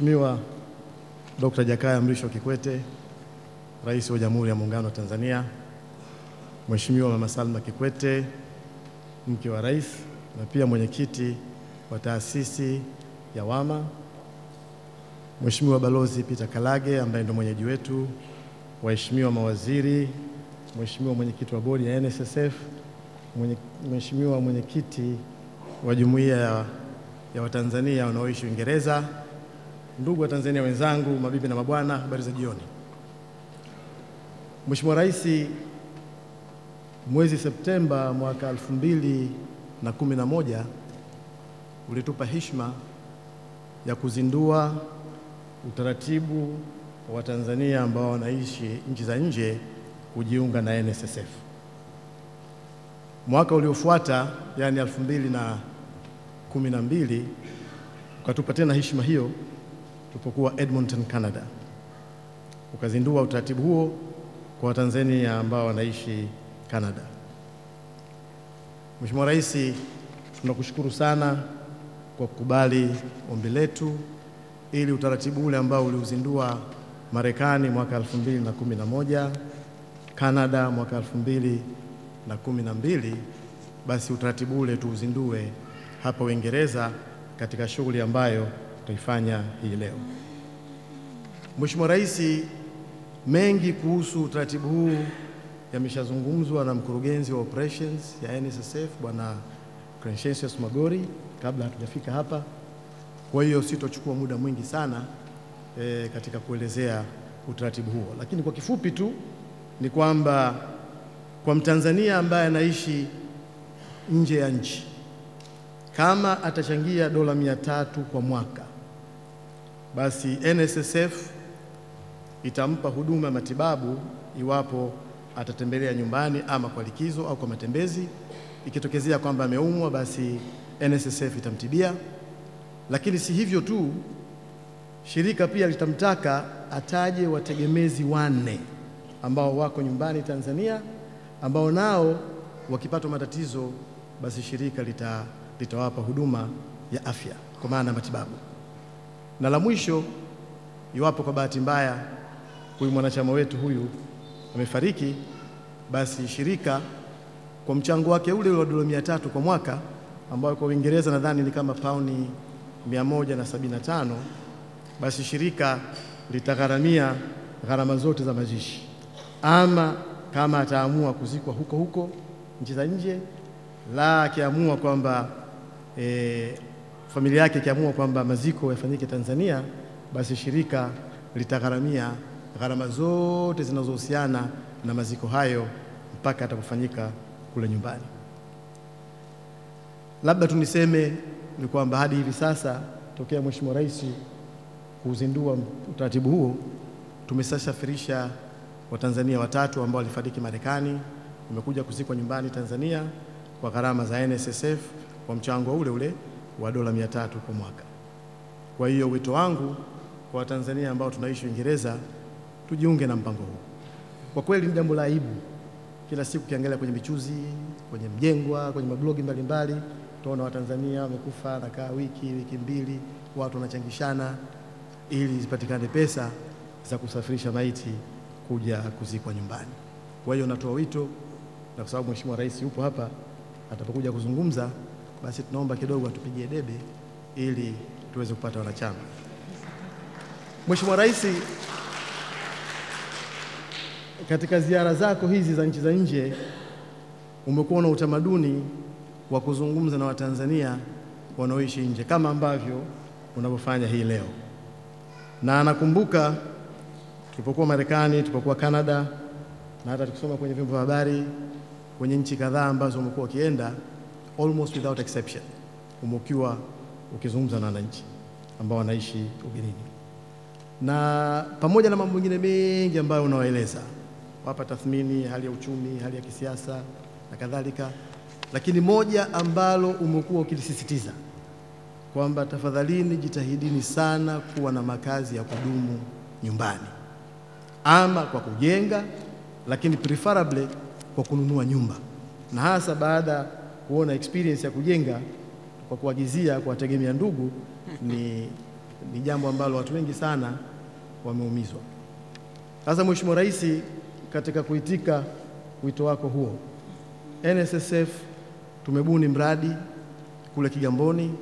Mheshimiwa Dr. Jakaya Mrisho Kikwete, Rais wa Jamhuri ya Muungano wa Tanzania, Mheshimiwa Mama Salma Kikwete, mke wa rais na pia mwenyekiti wa taasisi ya WAMA, Mheshimiwa Balozi Peter Kalage ambaye ndo mwenyeji wetu, waheshimiwa mawaziri, Mheshimiwa mwenyekiti wa bodi ya NSSF, Mheshimiwa mwenyekiti wa jumuiya ya Watanzania wanaoishi Uingereza Ndugu wa Tanzania wenzangu, mabibi na mabwana, habari za jioni. Mheshimiwa Rais mwezi Septemba mwaka 2011 na kumi na moja ulitupa heshima ya kuzindua utaratibu wa Watanzania ambao wanaishi nchi za nje kujiunga na NSSF. Mwaka uliofuata yani elfu mbili na kumi na mbili ukatupa tena heshima hiyo tupokuwa Edmonton, Canada. Ukazindua utaratibu huo kwa Watanzania ambao wanaishi Canada. Mheshimiwa Rais, tunakushukuru sana kwa kukubali ombi letu ili utaratibu ule ambao uliuzindua Marekani mwaka 2011, Kanada mwaka 2012, basi utaratibu ule tuuzindue hapa Uingereza katika shughuli ambayo tutaifanya hii leo. Mheshimiwa Rais, mengi kuhusu utaratibu huu yameshazungumzwa na mkurugenzi wa operations ya NSSF Bwana Crescentius Magori kabla hatujafika hapa, kwa hiyo sitochukua muda mwingi sana e, katika kuelezea utaratibu huo, lakini kwa kifupi tu ni kwamba kwa Mtanzania ambaye anaishi nje ya nchi kama atachangia dola mia tatu kwa mwaka basi NSSF itampa huduma ya matibabu iwapo atatembelea nyumbani ama kwa likizo au kwa matembezi. Ikitokezea kwamba ameumwa, basi NSSF itamtibia. Lakini si hivyo tu, shirika pia litamtaka ataje wategemezi wanne ambao wako nyumbani Tanzania, ambao nao wakipatwa matatizo, basi shirika litawapa lita huduma ya afya kwa maana matibabu. Na la mwisho, iwapo kwa bahati mbaya huyu mwanachama wetu huyu amefariki, basi shirika kwa mchango wake ule wa dola mia tatu kwa mwaka ambayo kwa Uingereza nadhani ni kama pauni mia na tano basi shirika litagharamia gharama zote za mazishi, ama kama ataamua kuzikwa huko huko nchi za nje, la akiamua kwamba e, familia yake ikiamua kwamba maziko yafanyike Tanzania, basi shirika litagharamia gharama zote zinazohusiana na maziko hayo mpaka atakufanyika kule nyumbani. Labda tu niseme ni kwamba hadi hivi sasa tokea Mheshimiwa Rais kuzindua utaratibu huo tumeshasafirisha Watanzania watatu ambao walifariki Marekani, wamekuja kuzikwa nyumbani Tanzania kwa gharama za NSSF kwa mchango ule ule wa dola 300 kwa mwaka. Kwa hiyo wito wangu kwa Watanzania ambao tunaishi Uingereza, tujiunge na mpango huu. Kwa kweli ni jambo la aibu, kila siku ukiangalia kwenye michuzi, kwenye Mjengwa, kwenye mablogi mbalimbali tunaona Watanzania wamekufa kaa wiki wiki mbili, watu wanachangishana ili zipatikane pesa za kusafirisha maiti kuja kuzikwa nyumbani. Kwa hiyo natoa wito, na kwa sababu Mheshimiwa Rais yupo hapa, atapokuja kuzungumza basi tunaomba kidogo atupigie debe ili tuweze kupata wanachama. Mheshimiwa Rais, katika ziara zako hizi za nchi za nje umekuwa na utamaduni wa kuzungumza na Watanzania wanaoishi nje kama ambavyo unavyofanya hii leo, na nakumbuka tulipokuwa Marekani, tulipokuwa Kanada na hata tukisoma kwenye vyombo vya habari kwenye nchi kadhaa ambazo umekuwa ukienda almost without exception umeukiwa ukizungumza na wananchi ambao wanaishi ugenini, na pamoja na mambo mengine mengi ambayo unawaeleza, wapa tathmini hali ya uchumi, hali ya kisiasa na kadhalika, lakini moja ambalo umekuwa ukilisisitiza kwamba tafadhalini, jitahidini sana kuwa na makazi ya kudumu nyumbani, ama kwa kujenga, lakini preferably kwa kununua nyumba, na hasa baada kuona experience ya kujenga kwa kuagizia, kuwategemea ndugu ni, ni jambo ambalo watu wengi sana wameumizwa. Sasa Mheshimiwa Rais, katika kuitika wito wako huo, NSSF tumebuni mradi kule Kigamboni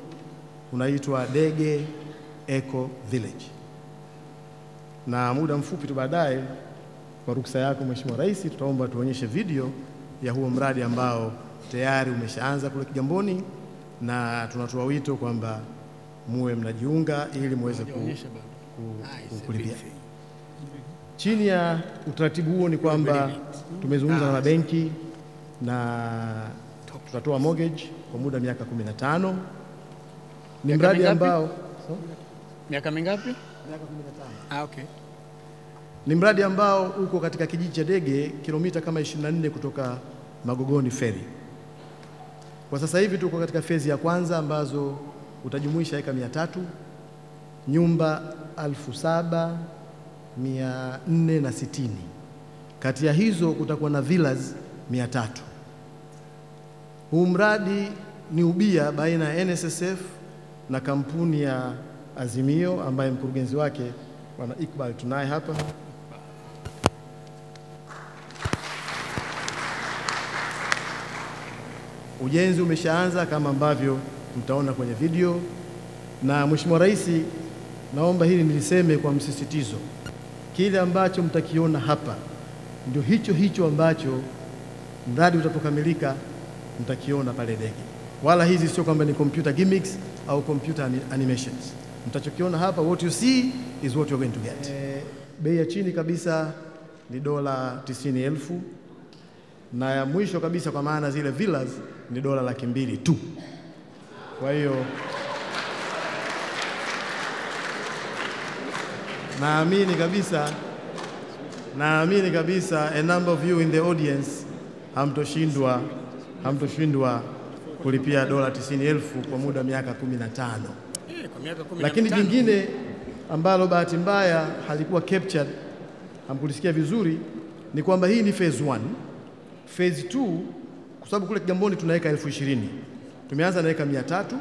unaitwa Dege Eco Village, na muda mfupi tu baadaye, kwa ruksa yako Mheshimiwa Rais, tutaomba tuonyeshe video ya huo mradi ambao tayari umeshaanza kule Kigamboni, na tunatoa wito kwamba muwe mnajiunga ili muweze ku, ku, ah, kulipia. Chini ya utaratibu huo ni kwamba tumezungumza na ah, mabenki na tutatoa mortgage kwa muda miaka 15. Ni mradi ambao miaka mingapi? Miaka 15. Ah, okay. Ni mradi ambao uko katika kijiji cha Dege, kilomita kama 24 kutoka Magogoni feri. Kwa sasa hivi tuko katika fezi ya kwanza ambazo utajumuisha eka mia tatu nyumba alfu saba mia nne na sitini kati ya hizo kutakuwa na villas mia tatu. Huu mradi ni ubia baina ya NSSF na kampuni ya Azimio ambaye mkurugenzi wake Bwana Iqbal tunaye hapa. Ujenzi umeshaanza kama ambavyo mtaona kwenye video, na Mheshimiwa Rais, naomba hili niliseme kwa msisitizo, kile ambacho mtakiona hapa ndio hicho hicho ambacho mradi utapokamilika mtakiona pale ndege. Wala hizi sio kwamba ni computer gimmicks au computer animations. Mtachokiona hapa, what you see is what you're going to get. Eh, bei ya chini kabisa ni dola 90,000 na ya mwisho kabisa, kwa maana zile villas ni dola laki mbili tu. Kwa hiyo naamini kabisa, naamini kabisa a number of you in the audience hamtoshindwa, hamtoshindwa kulipia dola tisini elfu kwa muda miaka kumi na tano. Eh, Lakini jingine ambalo bahati mbaya halikuwa captured, hamkulisikia vizuri, ni kwamba hii ni phase 1. Phase 2 kwa sababu kule Kigamboni tunaweka elfu ishirini tumeanza naweka mia tatu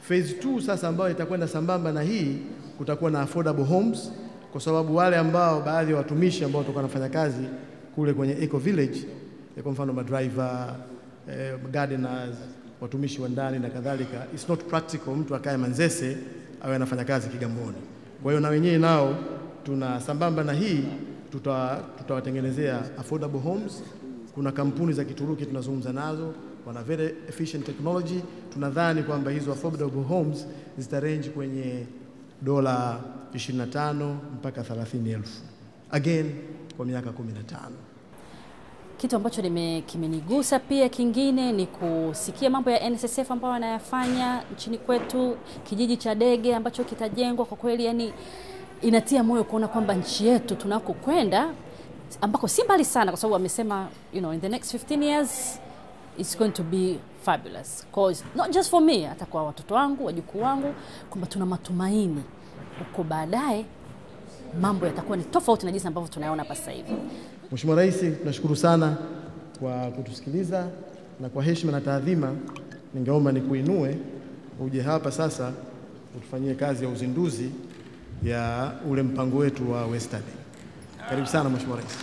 phase 2 sasa ambayo itakwenda sambamba na hii, kutakuwa na affordable homes, kwa sababu wale ambao baadhi ya watumishi ambao watakuwa wanafanya kazi kule kwenye eco village, eh, kwa mfano madriver, eh, gardeners, watumishi wa ndani na kadhalika, it's not practical mtu akae Manzese awe anafanya kazi Kigamboni. Kwa hiyo na wenyewe nao tuna sambamba na hii tutawatengenezea tuta affordable homes kuna kampuni za Kituruki tunazungumza nazo, wana very efficient technology. Tunadhani kwamba hizo affordable homes zitarange kwenye dola 25 mpaka 30,000 elfu again kwa miaka 15. Kitu ambacho kimenigusa pia kingine ni kusikia mambo ya NSSF ambayo wanayafanya nchini kwetu, kijiji cha Dege ambacho kitajengwa kwa kweli, yani inatia moyo kuona kwamba nchi yetu tunakokwenda ambako si mbali sana, kwa sababu amesema you know, in the next 15 years it's going to be fabulous cause not just for me, hata kwa watoto wangu, wajukuu wangu, kwamba tuna matumaini huko baadaye mambo yatakuwa ni tofauti na jinsi ambavyo tunayaona hapa sasa hivi. Mheshimiwa Rais, tunashukuru sana kwa kutusikiliza na kwa heshima na taadhima, ningeomba nikuinue uje hapa sasa utufanyie kazi ya uzinduzi ya ule mpango wetu wa Westadi. Karibu sana Mheshimiwa Rais.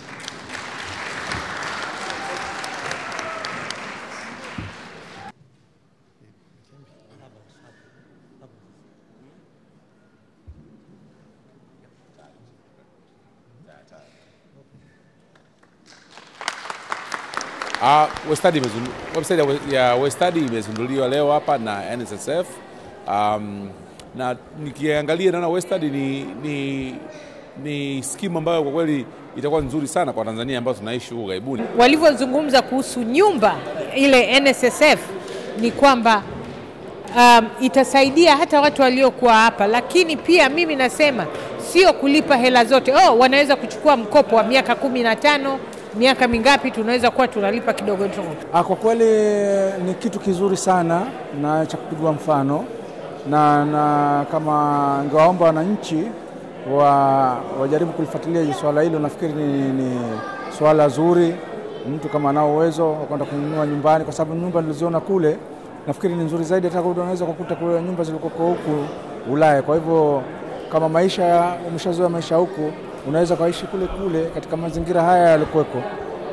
Uh, ah, Westadi imezundu, website ya Westadi imezinduliwa leo hapa na NSSF. Um, na nikiangalia naona Westadi ni, ni ni skimu ambayo kwa kweli itakuwa nzuri sana kwa Tanzania ambayo tunaishi huko gaibuni. Walivyozungumza kuhusu nyumba ile NSSF ni kwamba um, itasaidia hata watu waliokuwa hapa, lakini pia mimi nasema sio kulipa hela zote. Oh, wanaweza kuchukua mkopo wa miaka kumi na tano miaka mingapi tunaweza kuwa tunalipa kidogo kidogo. Ah, kwa kweli eh, ni kitu kizuri sana na cha kupigwa mfano na, na kama ningewaomba wananchi wa, wajaribu kulifuatilia swala hilo. Nafikiri ni, ni swala zuri, mtu kama anao uwezo wakwenda kununua nyumbani, kwa sababu nyumba niliziona kule nafikiri ni nzuri zaidi, hata unaweza kukuta kule nyumba zilikoko huku Ulaya. Kwa hivyo kama maisha umeshazoea maisha huku, unaweza ukaishi kule kule katika mazingira haya yalikuweko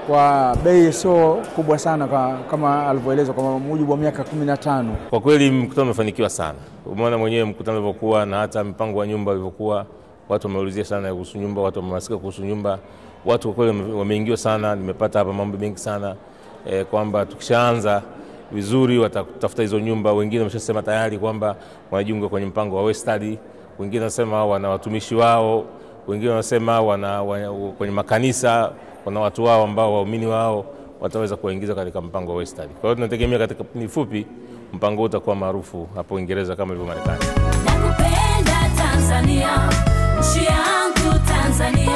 kwa bei sio kubwa sana kwa, kama alivyoelezwa kwa mujibu wa miaka kumi na tano. Kwa kweli mkutano umefanikiwa sana, umeona mwenyewe mkutano ulivyokuwa na hata mpango wa nyumba ulivyokuwa watu wameulizia sana kuhusu nyumba, watu wamehamasika kuhusu nyumba, watu kwa kweli wameingiwa sana. Nimepata hapa mambo mengi sana e, kwamba tukishaanza vizuri watatafuta hizo nyumba. Wengine wameshasema tayari kwamba wanajiunga kwenye mpango wa West Study, wengine wanasema wana watumishi wao, wengine wanasema wana, wana, wana, kwenye makanisa kuna watu wao ambao waumini wao wataweza kuwaingiza katika mpango wa West Study. Kwa hiyo tunategemea katika ni fupi mpango huu utakuwa maarufu hapo Uingereza kama ilivyo Marekani. Nakupenda Tanzania nchi yangu Tanzania.